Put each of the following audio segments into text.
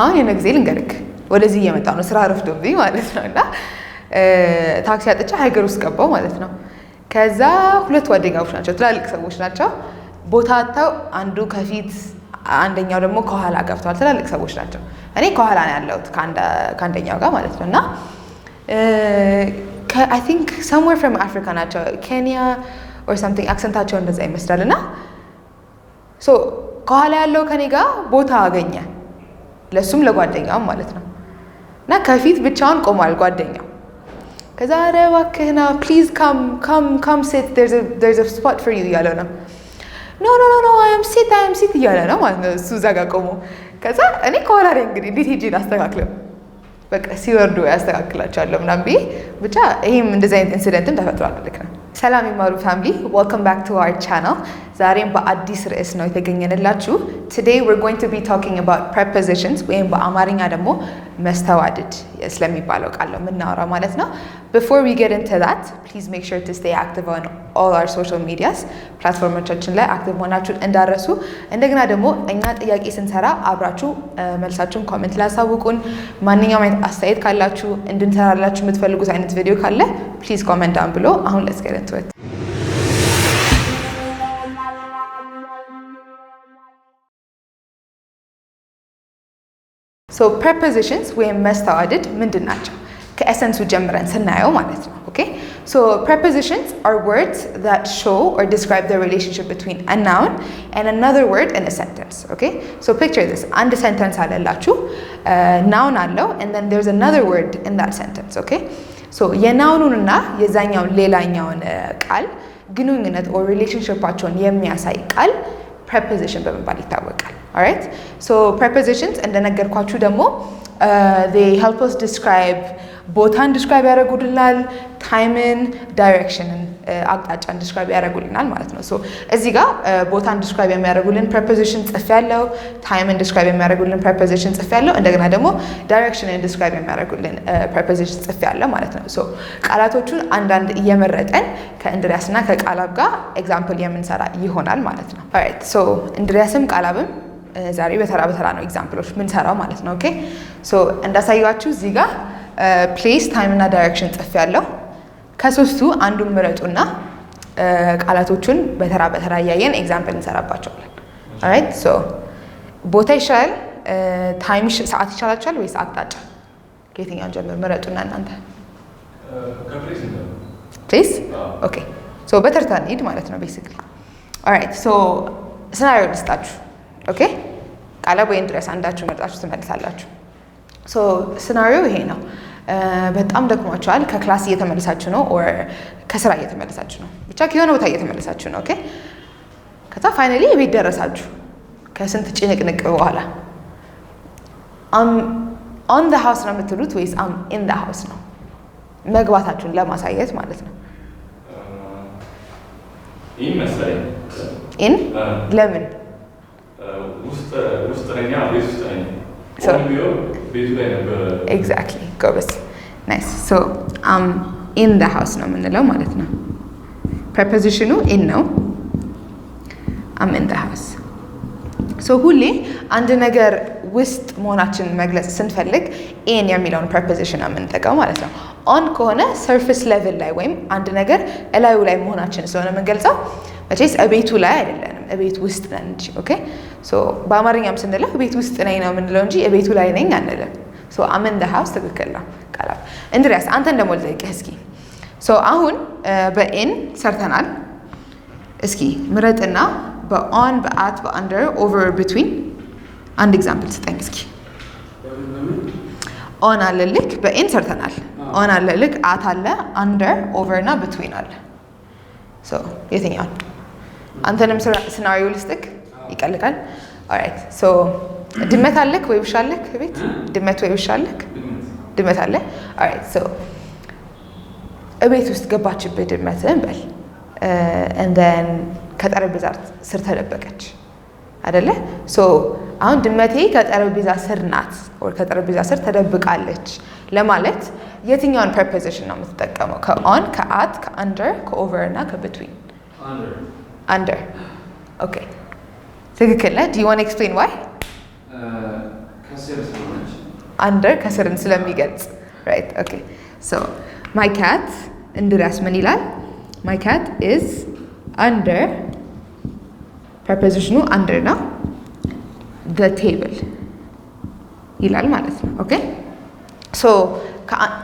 አሁን የሆነ ጊዜ ልንገርክ ወደዚህ እየመጣ ነው ስራ ረፍዶብኝ ማለት ነው። እና ታክሲ አጥቼ ሀገር ውስጥ ገባው ማለት ነው። ከዛ ሁለት ጓደኛዎች ናቸው፣ ትላልቅ ሰዎች ናቸው። ቦታ አጥተው አንዱ ከፊት አንደኛው ደግሞ ከኋላ ገብተዋል። ትላልቅ ሰዎች ናቸው። እኔ ከኋላ ነው ያለሁት ከአንደኛው ጋር ማለት ነው። እና አይ ቲንክ ሰምዌር ፍሮም አፍሪካ ናቸው፣ ኬንያ ኦር ሳምቲንግ አክሰንታቸው እንደዛ ይመስላል። እና ከኋላ ያለው ከኔ ጋር ቦታ አገኘ ለእሱም ለጓደኛም ማለት ነው። እና ከፊት ብቻውን ቆሟል ጓደኛው። ከዛ ኧረ እባክህና ፕሊዝ ካም ካም ካም ሴት ዴርዝ አ ስፖት ፎር ዩ እያለው ነው። ኖ ኖ ኖ አይ አም ሴት አይ አም ሴት እያለ ነው ማለት ነው እሱ እዛ ጋር ቆሞ። ከዛ እኔ ከኋላ ላይ እንግዲህ እንዴት ሄጄ ላስተካክለው በቃ ሲወርዱ ያስተካክላቸዋለሁ ምናምን ብዬ ብቻ ይህም እንደዚህ አይነት ኢንሲደንትም ተፈጥሯል። ልክ ነው። ሰላም የማሩ ፋሚሊ ወልካም ባክ ቱ አር ቻናል ዛሬም በአዲስ ርዕስ ነው የተገኘንላችሁ። ቱዴይ ዌር ጎይንግ ቱ ቢ ታኪንግ አባውት ፕሪፖዚሽንስ ወይም በአማርኛ ደግሞ መስተዋድድ ስለሚባለው ቃል ነው የምናወራው ማለት ነው። ቢፎር ዊ ጌት ኢንቱ ዛት ፕሊዝ ሜክ ሹር ቱ ስቴይ አክቲቭ ኦን ኦል አወር ሶሻል ሚዲያስ ፕላትፎርሞቻችን ላይ አክቲቭ መሆናችሁን እንዳረሱ። እንደገና ደግሞ እኛ ጥያቄ ስንሰራ አብራችሁ መልሳችሁን ኮሜንት ላይ አሳውቁን። ማንኛውም አይነት አስተያየት ካላችሁ እንድንሰራላችሁ የምትፈልጉት አይነት ቪዲዮ ካለ ፕሊዝ ኮሜንት ዳውን ብሎ አሁን ሌትስ ጌት ኢንቱ ኢት ፕሪፖዚሽንስ ወይም መስተዋድድ ምንድን ናቸው? ከኤሰንሱ ጀምረን ስናየው ማለት ነው። ኦኬ ሶ ፕሪፖዚሽንስ አር ወርድስ ዛት ሾው ኦር ዲስክራይብ ዘ ሪሌሽንሺፕ ቢትዊን አ ናውን ኤንድ አናዘር ወርድ ኢን አ ሰንተንስ። ኦኬ ሶ ፒክቸር ዚስ አንድ ሰንተንስ አለላችሁ ናውን uh, አለው ኤንድ ዜን ዜርስ አናዘር ወርድ ኢን ዛት ሰንተንስ። ኦኬ ሶ የናውኑንና የዛኛውን ሌላኛውን uh, ቃል ግንኙነት ኦር ሪሌሽንሺፓቸውን የሚያሳይ ቃል ፕሪፖዚሽን በመባል ይታወቃል። ኦራይት ሶ ፕሪፖዚሽንስ እንደነገርኳችሁ ደግሞ ሄልፕስ uh, ዲስክራይብ ቦታን ዲስክራይብ ያደርጉልናል። ታይምን፣ ዳይሬክሽንን uh, አቅጣጫን ዲስክራይብ ያደርጉልናል ማለት ነው። ሶ እዚህ ጋር uh, ቦታን ዲስክራይብ የሚያደርጉልን ፕሪፖዚሽን ጽፍ ያለው፣ ታይምን ዲስክራይብ የሚያደርጉልን ፕሪፖዚሽን ጽፍ እንደገና ደግሞ ዳይሬክሽንን ዲስክራይብ የሚያደርጉልን ፕሪፖዚሽን ጽፍ ያለው ማለት ነው። ሶ ቃላቶቹን አንዳንድ እየመረጠን ከእንድሪያስና ከቃላብ ጋር ኤግዛምፕል የምንሰራ ይሆናል ማለት ነው። ኦራይት ሶ እንድሪያስም ቃላብም ዛሬ በተራ በተራ ነው ኤግዛምፕሎች ምንሰራው ማለት ነው። ኦኬ ሶ እንዳሳየዋችሁ እዚህ ጋር ፕሌስ ታይም እና ዳይሬክሽን ጽፍ ያለው ከሶስቱ አንዱን ምረጡና ቃላቶቹን በተራ በተራ እያየን ኤግዛምፕል እንሰራባቸዋለን። ኦራይት ሶ ቦታ ይሻላል ታይም ሰዓት ይሻላችኋል ወይስ አቅጣጫ? ከየትኛውን ጀምር ምረጡና እናንተ ፕሌስ። ኦኬ ሶ በተርታ እንሂድ ማለት ነው ቤሲክሊ። ኦራይት ሶ ስናሪዮ ልስጣችሁ ኦኬ ቃለብ ወይም ድረስ አንዳችሁ መርጣችሁ ትመልሳላችሁ። ሶ ስናሪዮ ይሄ ነው። በጣም ደክሟችኋል። ከክላስ እየተመለሳችሁ ነው፣ ኦር ከስራ እየተመለሳችሁ ነው፣ ብቻ ከሆነ ቦታ እየተመለሳችሁ ነው። ኦኬ ከዛ ፋይናሊ ቤት ደረሳችሁ ከስንት ጭንቅንቅ በኋላ ኦን ደ ሀውስ ነው የምትሉት ወይስ አም ኢን ሀውስ ነው? መግባታችሁን ለማሳየት ማለት ነው። ኢን ለምን ውስጠኛ ቤት ኤግዛክትሊ ጎበዝ ናይስ። ሶ ኢን ደ ሃውስ ነው የምንለው ማለት ነው። ፕሪፖዚሽኑ ኢን ነው። አም ኢን ደ ሃውስ ሶ ሁሌ አንድ ነገር ውስጥ መሆናችንን መግለጽ ስንፈልግ ኢን የሚለውን ፕሪፖዚሽን የምንጠቀው ማለት ነው። ኦን ከሆነ ሰርፌስ ሌቭል ላይ ወይም አንድ ነገር እላዩ ላይ መሆናችን ስለሆነ የምንገልጸው መቼስ እቤቱ ላይ አይደለንም፣ እቤት ውስጥ ነን እንጂ ኦኬ በአማርኛም ስንለው ቤት ውስጥ ነኝ ነው የምንለው እንጂ የቤቱ ላይ ነኝ አንልም። አመን ኢን ዘ ትክክል ነው ቃላት። እንድሪያስ አንተን ደግሞ ልጠይቅህ እስኪ። አሁን በኤን ሰርተናል። እስኪ ምረጥና በኦን በአት በአንደር ኦቨር ብትዊን አንድ ኤግዛምፕል ስጠኝ እስኪ። ኦን አለልክ፣ በኤን ሰርተናል። ኦን አለልክ፣ አት አለ፣ አንደር ኦቨር እና ብትዊን አለ። የትኛውን አንተንም ስናሪዮ ልስጥክ ይቀልቃል። ኦራይት ሶ ድመት አለክ ወይ ውሻ አለክ? ቤት ድመት ወይ ውሻ አለክ? ድመት አለ። ኦራይት ሶ እቤት ውስጥ ገባችብህ ድመት እንበል እንደን ከጠረጴዛ ስር ተደበቀች አደለ? ሶ አሁን ድመቴ ከጠረጴዛ ስር ናት ወይ ከጠረጴዛ ስር ተደብቃለች ለማለት የትኛውን ፕሪፖዚሽን ነው የምትጠቀመው? ከኦን፣ ከአት፣ ከአንደር፣ ከኦቨር እና ከብትዊን አንደር። ኦኬ ትክክል ነህ። ዲዋን ኤክስፕሌን ዋይ አንደር ከስርን ስለሚገልጽ ራይት ኦኬ ሶ ማይ ካት እንድርያስ ምን ይላል? ማይ ካት ኢዝ አንደር ፕሪፖዚሽኑ አንደር ነው ዘ ቴብል ይላል ማለት ነው። ኦኬ ሶ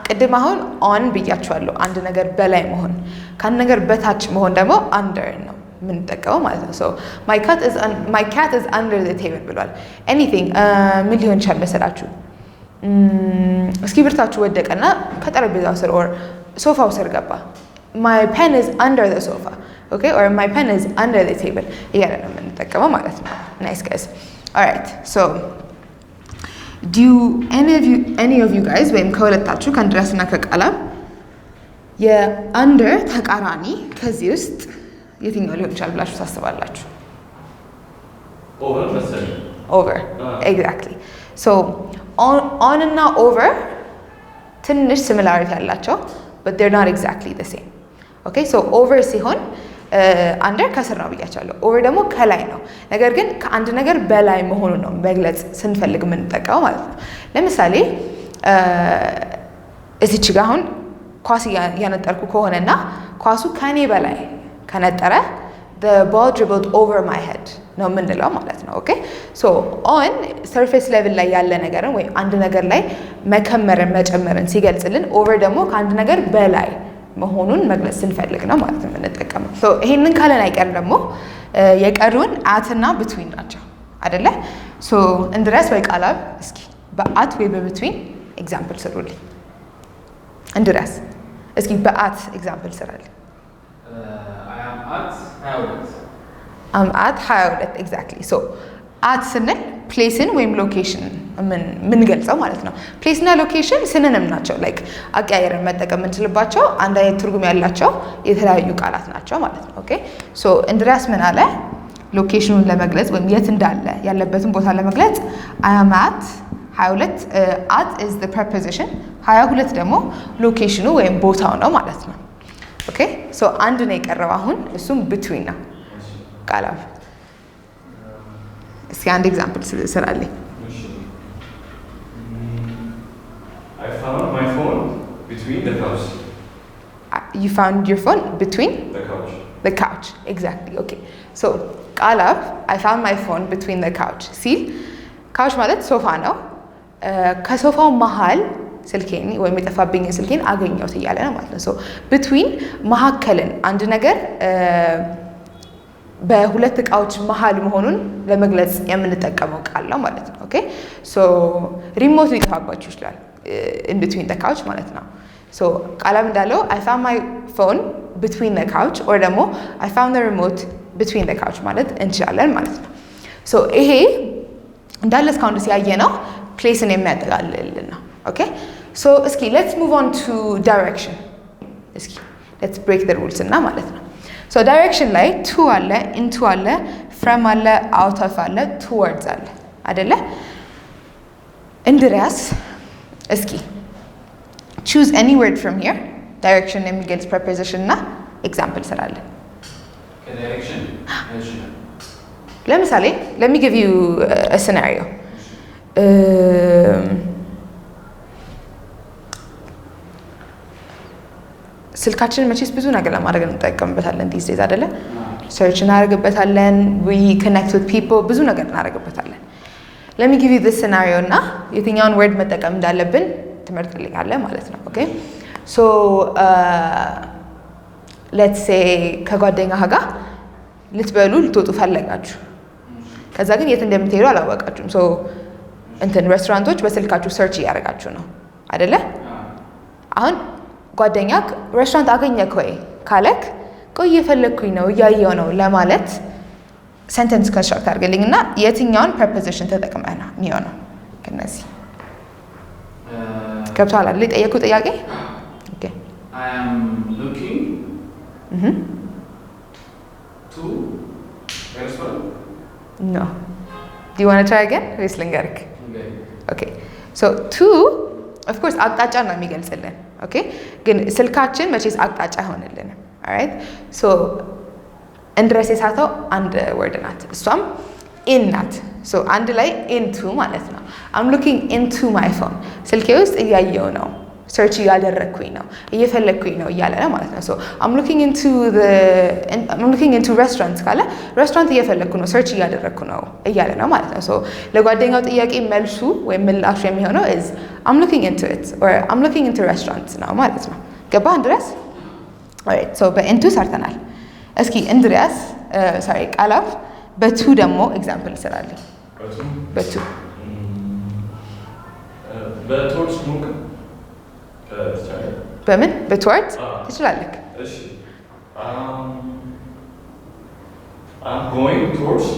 ቅድም አሁን ኦን ብያችኋለሁ። አንድ ነገር በላይ መሆን ከአንድ ነገር በታች መሆን ደግሞ አንደር ነው። የምንጠቀመው ማለት ነው። ማይ ካት ኢዝ አንደር ዘ ቴብል ብሏል። ኤኒቲንግ uh, ምን ሊሆን ይችላል መሰላችሁ? እስክሪብታችሁ ወደቀና ከጠረጴዛው ስር ኦር ሶፋው ስር ገባ። ማይ ፔን ኢዝ አንደር ዘ ሶፋ ኦኬ ኦር ማይ ፔን ኢዝ አንደር ዘ ቴብል እያለ ነው የምንጠቀመው ማለት ነው። ናይስ ጋይስ ኦልራይት ሶ ዱ ኤኒ ኦፍ ዩ ጋይዝ ወይም ከሁለታችሁ ከአንድሪያስና ከቃላም የአንደር ተቃራኒ ከዚህ ውስጥ የትኛው ሊሆን ይችላል ብላችሁ ታስባላችሁ? ኦቨር ኤግዛክትሊ። ሶ ኦን እና ኦቨር ትንሽ ሲሚላሪቲ ያላቸው በት ዜር ናት ኤግዛክትሊ ዘ ሴም። ኦኬ ሶ ኦቨር ሲሆን አንደር ከስር ነው ብያቸዋለሁ። ኦቨር ደግሞ ከላይ ነው። ነገር ግን ከአንድ ነገር በላይ መሆኑን ነው መግለጽ ስንፈልግ የምንጠቀመው ማለት ነው። ለምሳሌ እዚች ጋ አሁን ኳስ እያነጠርኩ ከሆነና ኳሱ ከኔ በላይ ከነጠረ በባውንድሪ ቦት ኦቨር ማይ ሄድ ነው የምንለው ማለት ነው። ኦኬ ሶ ኦን ሰርፌስ ሌቭል ላይ ያለ ነገርን ወይም አንድ ነገር ላይ መከመርን መጨመርን ሲገልጽልን፣ ኦቨር ደግሞ ከአንድ ነገር በላይ መሆኑን መግለጽ ስንፈልግ ነው ማለት ነው የምንጠቀመው። ይሄንን ካለን አይቀር ደግሞ የቀሩን አትና ብትዊን ናቸው አደለ? ሶ እንድረስ ወይ ቃላብ እስኪ በአት ወይ በብትዊን ኤግዛምፕል ስሩልኝ። እንድረስ እስኪ በአት ኤግዛምፕል ስራልኝ አት 22 ኤግዛክትሊ ሶ አት ስንል ፕሌስን ወይም ሎኬሽን የምንገልጸው ማለት ነው። ፕሌስና ሎኬሽን ስንንም ናቸው። ላይክ አቀያየርን መጠቀም የምንችልባቸው አንድ አይነት ትርጉም ያላቸው የተለያዩ ቃላት ናቸው ማለት ነው። ኦኬ ሶ እንድሪያስ ምን አለ? ሎኬሽኑን ለመግለጽ ወይም የት እንዳለ ያለበትን ቦታ ለመግለጽ አይ አም 22 አት ኢዝ ዘ 22 ደግሞ ሎኬሽኑ ወይም ቦታው ነው ማለት ነው። ኦኬ ሶ አንድ ነው የቀረው አሁን እሱም ብትዊን ነው ቃላፍ እስኪ አንድ ኤግዛምፕል ስራልኝ ዩ ፋውንድ ዩር ፎን ብትዊን ዘ ካውች ኤግዛክትሊ ኦኬ ሶ ቃላፍ አይ ፋውንድ ማይ ፎን ብትዊን ዘ ካውች ሲል ካውች ማለት ሶፋ ነው uh, ከሶፋው መሀል ስልኬን ወይም የጠፋብኝን ስልኬን አገኘሁት እያለ ነው ማለት ነው። ብትዊን መሀከልን አንድ ነገር በሁለት እቃዎች መሀል መሆኑን ለመግለጽ የምንጠቀመው ቃል ነው ማለት ነው። ኦኬ ሶ ሪሞት ሊጠፋባችሁ ይችላል ኢንብትዊን ተካዎች ማለት ነው። ሶ ቃላም እንዳለው አይ ፋውንድ ማይ ፎን ብትዊን ነካዎች ኦር ደግሞ አይ ፋውንድ ሪሞት ብትዊን ነካዎች ማለት እንችላለን ማለት ነው። ሶ ይሄ እንዳለ እስካሁን ድረስ ያየ ነው ፕሌስን የሚያጠቃልልን ነው። ኦኬ ሶ እስኪ ሌትስ ሙቭ ኦን ቱ ዳይሬክሽን እስኪ ሌትስ ብሬክ ዘ ሩልስ እና ማለት ነው ሶ ዳይሬክሽን ላይ ቱ አለ ኢንቱ አለ ፍረም አለ አውት ኦፍ አለ ቱወርድስ አለ አደለ እንድሪያስ እስኪ ቹዝ ኤኒ ወርድ ፍሮም ሂር ዳይሬክሽን የሚገልጽ ፕሪፖዚሽን እና ኤግዛምፕል ስራለ ለምሳሌ ለሚገቪው ሲናሪዮ ስልካችንን መቼስ ብዙ ነገር ለማድረግ እንጠቀምበታለን ዲስ ዴይዝ አይደለ? ሰርች እናደርግበታለን፣ ዊ ኮኔክት ዊዝ ፒፕል ብዙ ነገር እናደርግበታለን። ለሚ ጊቭ ዩ ዲስ ሲናሪዮ እና የትኛውን ወርድ መጠቀም እንዳለብን ትምህርት ልካለህ ማለት ነው። ኦኬ ሶ ሌትስ ከጓደኛ ጋር ልትበሉ ልትወጡ ፈለጋችሁ፣ ከዛ ግን የት እንደምትሄዱ አላወቃችሁም። ሶ እንትን ሬስቶራንቶች በስልካችሁ ሰርች እያደረጋችሁ ነው አደለ አሁን ጓደኛ ሬስቶራንት አገኘክ ወይ ካለክ ቆይ እየፈለግኩኝ ነው እያየው ነው ለማለት ሰንተንስ ኮንስትራክት አድርግልኝ እና የትኛውን ፕሪፖዚሽን ተጠቅመ ነው የሚሆነው? እነዚህ uh, ገብቶሃል አይደል? የጠየኩ ጥያቄ ኖ ዲ ዋን ትራይ አገን ወይስ ልንገርክ? ኦኬ ቱ ኦፍኮርስ አቅጣጫ ነው የሚገልጽልን ኦኬ። ግን ስልካችን መቼስ አቅጣጫ አይሆንልንም። ኦራይት ሶ እንድረስ የሳተው አንድ ወርድ ናት፣ እሷም ኢን ናት። ሶ አንድ ላይ ኢንቱ ማለት ነው። አም ሉኪንግ ኢንቱ ማይ ፎን ስልኬ ውስጥ እያየው ነው ሰርች እያደረግኩኝ ነው እየፈለግኩኝ ነው እያለ ነው ማለት ነው። ሶ ሉኪንግ ኢንቱ ሬስቶራንት ካለ ሬስቶራንት እየፈለግኩ ነው ሰርች እያደረግኩ ነው እያለ ነው ማለት ነው። ሶ ለጓደኛው ጥያቄ መልሱ ወይም ምላሹ የሚሆነው ኢዝ አም ሉኪንግ ኢንቱ ኢት ኦር አም ሉኪንግ ኢንቱ ሬስቶራንት ነው ማለት ነው። ገባህ እንድሪያስ? ኦልራይት ሶ በኢንቱ ሰርተናል። እስኪ እንድሪያስ ሶሪ ቃላፍ በቱ ደግሞ ኤግዛምፕል እንሰራለን። በቱ በምን በትወርድ ትችላለህ። አም ጎይንግ ቱወርድስ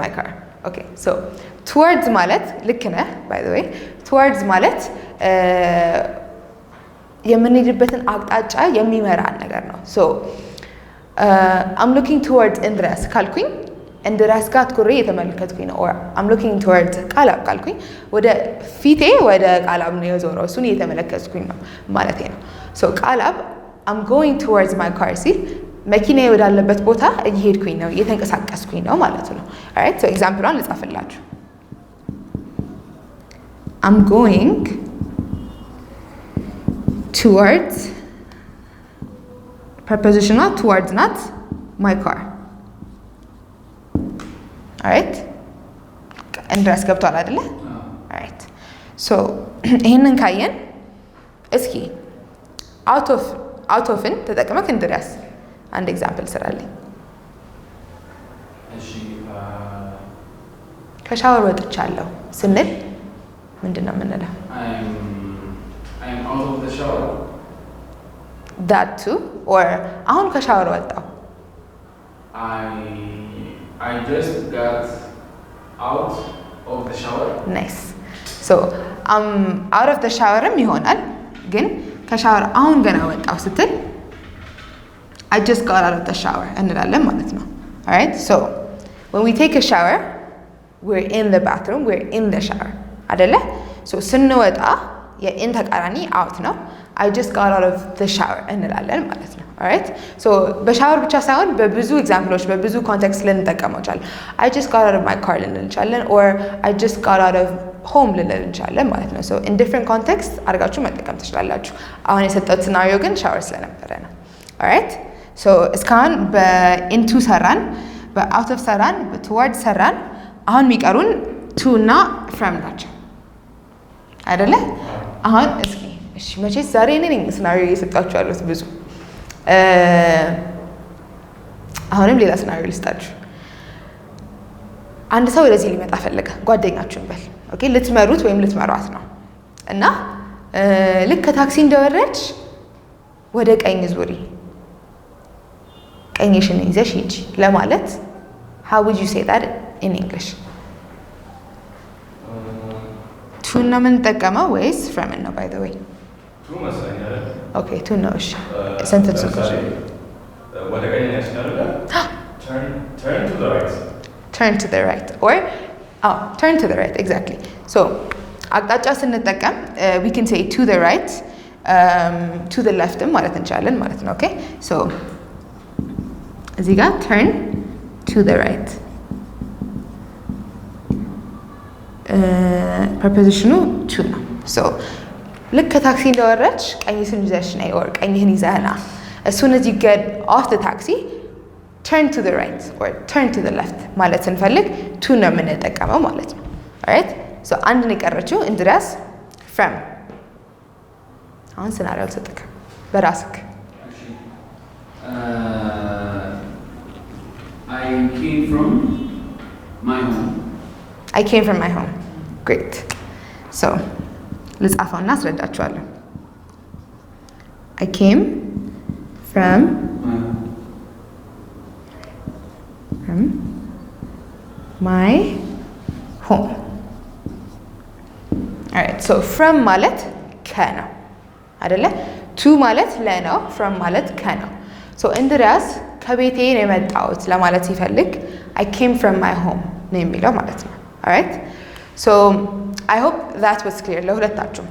ማይ ካር። ኦኬ ሶ ቱወርድስ ማለት ልክ ነህ። ባይ ዘ ዌይ ቱወርድስ ማለት የምንሄድበትን አቅጣጫ የሚመራን ነገር ነው። ሶ አም ሉኪንግ ቱወርድ እንድረስ ካልኩኝ እንደ ራስ ጋር አትኩሬ የተመለከትኩኝ ነው። አም ሎኪንግ ቱወርድ ቃላብ ካልኩኝ ወደ ፊቴ ወደ ቃላብ ነው የዞረው፣ እሱን እየተመለከትኩኝ ነው ማለት ነው። ሶ ቃላብ አም ጎይንግ ቱወርድ ማይ ካር ሲል መኪና ወዳለበት ቦታ እየሄድኩኝ ነው፣ እየተንቀሳቀስኩኝ ነው ማለት ነው። ኦራይት ሶ ኤግዛምፕሏን ልጻፍላችሁ። አም ጎይንግ ቱወርድ ፕሪፖዚሽኗ ቱወርድ ናት ማይ ካር አይት እንድረስ ገብቷል አይደለ? ራይት ሶ ይህንን ካየን እስኪ አውት ኦፍን ተጠቅመክ እንድሪያስ አንድ ኤግዛምፕል ስራልኝ። ከሻወር ወጥቻለሁ ስንል ምንድን ነው የምንለው? ዳቱ ኦር አሁን ከሻወር ወጣው I just got out of the shower. Nice. So, um, out of the shower I'm the shower. I'm አሁን ገና ወጣሁ ስትል I just got out of the shower And እንላለን ማለት ነው። Alright? So, when we take a shower, we're in the bathroom, we're in the shower. አይደለ? So, ስንወጣ የኢን ተቃራኒ out now. I just got out of the shower And እንላለን ማለት ነው። ኦራይት ሶ በሻወር ብቻ ሳይሆን በብዙ ኤግዛምፕሎች በብዙ ኮንቴክስት ልንጠቀመው እንችላለን። አይ ጀስት ጋት አውት ኦፍ ማይ ካር ልንል እንችላለን ኦር አይ ጀስት ጋት አውት ኦፍ ሆም ልንል እንችላለን ማለት ነው። ሶ ኢን ዲፍረንት ኮንቴክስት አድርጋችሁ መጠቀም ትችላላችሁ። አሁን የሰጠሁት ሲናሪዮ ግን ሻወር ስለነበረ ነው። ኦራይት ሶ እስካሁን በኢንቱ ሰራን፣ በአውት ኦፍ ሰራን፣ በቱዋርድ ሰራን። አሁን የሚቀሩን ቱ እና ፍረም ናቸው አይደለ? አሁን እስኪ እሺ፣ መቼስ ዛሬ እኔ ነኝ እየሰጣችሁ ያሉት ብዙ አሁንም ሌላ ስናሪዮ ልስጣችሁ። አንድ ሰው ወደዚህ ሊመጣ ፈለገ፣ ጓደኛችሁን በል ኦኬ፣ ልትመሩት ወይም ልትመሯት ነው እና ልክ ከታክሲ እንደወረድሽ ወደ ቀኝ ዙሪ፣ ቀኝሽን ይዘሽ ሂጂ ለማለት ሀው ውድ ዩ ሴይ ዛት ኢን ኢንግሊሽ? ቱን ነው የምንጠቀመው ወይስ ፍረምን ነው? ባይ ዘ ወይ Okay, two nosh. Center to uh, uh, uh turn, turn to the right. Turn to the right. Or, oh, turn to the right, exactly. So, uh, we can say to the right, um, to the left, and okay? So, Ziga, turn to the right. prepositional to. So, ልክ ከታክሲ እንደወረድሽ ቀኝሽን ይዘሽ ነይ፣ ኦር ቀኝህን ይዘህና እሱን እዚ ገድ ኦፍ ታክሲ ተርን ቱ ራይት ኦር ተርን ቱ ለፍት ማለት ስንፈልግ ቱ ነው የምንጠቀመው ማለት ነው። ኦራይት ሶ አንድ ነው የቀረችው። እንድሪያስ ፍረም አሁን ስናሪያው ልሰጥክ በራስክ uh, came from my home. Great. So, ልጻፈውና አስረዳችኋለሁ። አይ ኬም ማይ ሆም። ፍረም ማለት ነው አይደለ? ቱ ማለት ነው። ፍረም ማለት ነው። እንድሪያስ ከቤቴ ነው የመጣሁት ለማለት ሲፈልግ አይ ኬም ፍረም ማይ ሆም ነው የሚለው ማለት ነው። ኦራይት ሶ አይ ሆፕ ዛት ወዝ ክሊር ለሁለታችሁም።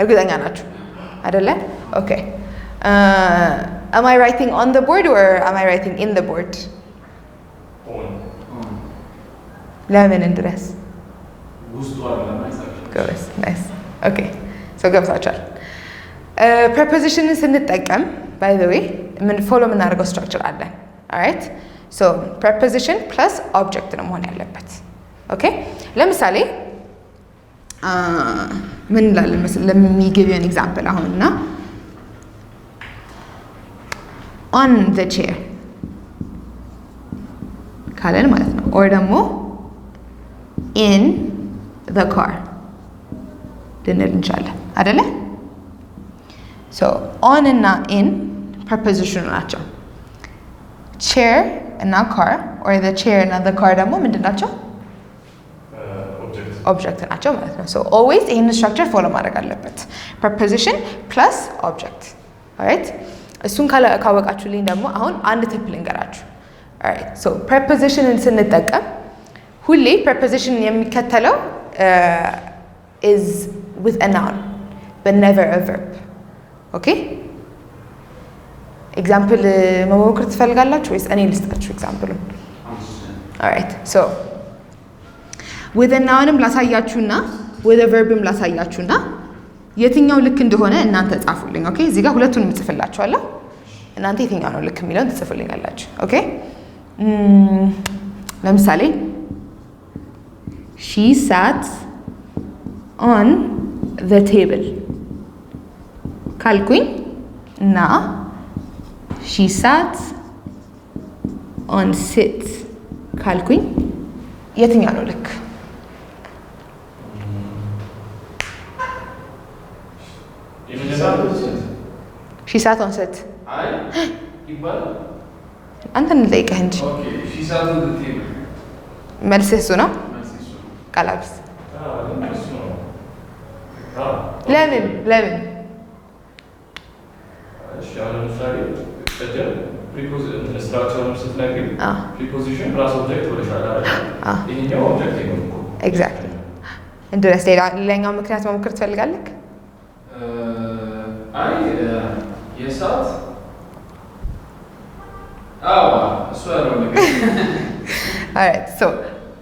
እርግጠኛ ናችሁ አይደለ? ኦኬ አም አይ ራይቲንግ ኦን ዘ ቦርድ ኦር አም አይ ራይቲንግ ኢን ዘ ቦርድ? ለምን እንድረስ? ጎበዝ ናይስ። ኦኬ uh, ስንጠቀም ባይ ዘ ዌይ ምን ፎሎ የምናደርገው ስትራክቸር አለን። ኦራይት ሶ ፕሪፖዚሽን ፕለስ ኦብጀክት ነው መሆን ያለበት ኦኬ ለምሳሌ ምን እንላለን መሰለህ ለሚገቢውን ኤግዛምፕል አሁን እና ኦን ዘ ቼር ካለን ማለት ነው። ኦር ደግሞ ኢን ዘ ካር ልንል እንችላለን አደለ? ሶ ኦን እና ኢን ፕሪፖዚሽኑ ናቸው። ቼር እና ካር ኦር ቼር እና ካር ደግሞ ምንድን ናቸው? ኦብጀክት ናቸው ማለት ነው። ሶ ኦልዌይዝ ይህንን ስትራክቸር ፎሎ ማድረግ አለበት። ፕሪፖዚሽን ፕላስ ኦብጀክት ኦራይት። እሱን ካወቃችሁልኝ ደግሞ አሁን አንድ ቲፕ ልንገራችሁ። ኦራይት ሶ ፕሪፖዚሽንን ስንጠቀም ሁሌ ፕሪፖዚሽን የሚከተለው ኢዝ ዊዝ አ ናውን በት ቨርብ። ኦኬ ኤግዛምፕል መሞክር ትፈልጋላችሁ ወይስ እኔ ልስጣችሁ ኤግዛምፕሉን? ኦራይት ሶ ወደ ናውንም ላሳያችሁና ወደ ቨርብም ላሳያችሁና የትኛው ልክ እንደሆነ እናንተ ጻፉልኝ። ኦኬ እዚህ ጋር ሁለቱንም እጽፍላችኋለሁ። እናንተ የትኛው ነው ልክ የሚለውን ትጽፉልኛላችሁ። ኦኬ ለምሳሌ ሺ ሳት ኦን ዘ ቴብል ካልኩኝ እና ሺ ሳት ኦን ሲት ካልኩኝ የትኛው ነው ልክ? ሺሳቷን ሰት አንተን ልጠይቅህ እንጂ መልስህ እሱ ነው። ቀላብስ ለምን ለምን ሌላኛው ምክንያት መሞክር ትፈልጋለህ? የእሳት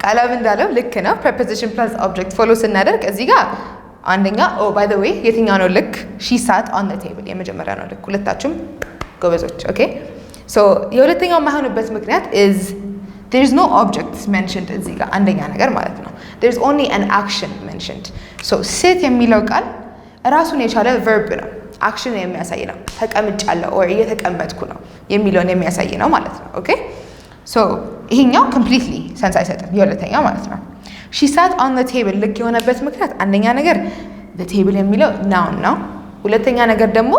ቀለም እንዳለው ልክ ነው። ፕሪፖዚሽን ፕላስ ኦብጀክት ፎሎ ስናደርግ እዚህ ጋር አንደኛ ኦ ባይ ዘ ዌይ የትኛው ነው ልክ? ሺ ሳት ኦን ቴብል የመጀመሪያ ነው ልክ። ሁለታችሁም ጎበዞች። ኦኬ ሶ የሁለተኛው የማይሆንበት ምክንያት ኢዝ ዜር ኢዝ ኖ ኦብጀክት ሜንሽንድ እዚህ ጋር አንደኛ ነገር ማለት ነው። ዜር ኢዝ ኦንሊ አን አክሽን ሜንሽንድ ሶ ሴት የሚለው ቃል ራሱን የቻለ ቨርብ ነው አክሽን የሚያሳይ ነው። ተቀምጫለሁ ወይ እየተቀመጥኩ ነው የሚለውን የሚያሳይ ነው ማለት ነው። ኦኬ ሶ ይሄኛው ኮምፕሊትሊ ሰንስ አይሰጥም፣ የሁለተኛው ማለት ነው። ሺ ሳት ኦን ዘ ቴብል ልክ የሆነበት ምክንያት አንደኛ ነገር ዘ ቴብል የሚለው ናውን ነው። ሁለተኛ ነገር ደግሞ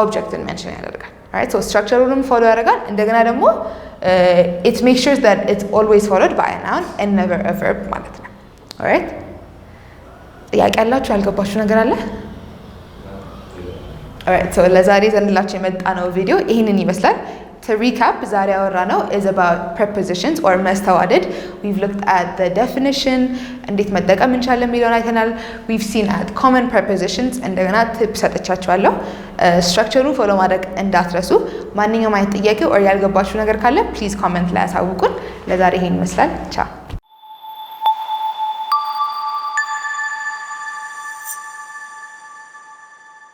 ኦብጀክትን ሜንሽን ያደርጋል። ራይት ሶ ስትራክቸሩንም ፎሎ ያደርጋል። እንደገና ደግሞ ኢት ሜክ ሹር ዛት ኢት ኦልዌይስ ፎሎድ ባይ ናውን ኤንድ ኔቨር ቨርብ ማለት ነው። ራይት ጥያቄ ያላችሁ ያልገባችሁ ነገር አለ? ለዛሬ ዘንላችሁ የመጣ ነው ቪዲዮ ይህንን ይመስላል። To ዛሬ ያወራ ነው is about prepositions or መስተዋደድ. We've looked at the definition, እንዴት መጠቀም እንችላለን የሚለውን አይተናል። We've ሲን at ኮመን prepositions እንደገና ቲፕ ሰጥቻችኋለሁ። ስትራክቸሩን uh, ፎሎ ማድረግ እንዳትረሱ። ማንኛውም አይነት ጥያቄ ኦር ያልገባችሁ ነገር ካለ ፕሊዝ ኮመንት ላይ ያሳውቁን። ለዛሬ ይሄን ይመስላል። ቻው